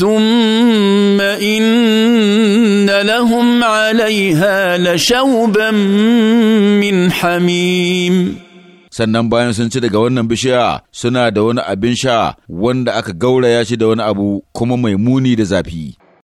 ثم إن لهم عليها لشوبا من حميم sannan bayan sun ci daga wannan bishiya suna da wani abin sha wanda aka gauraya shi da wani abu kuma mai muni da zafi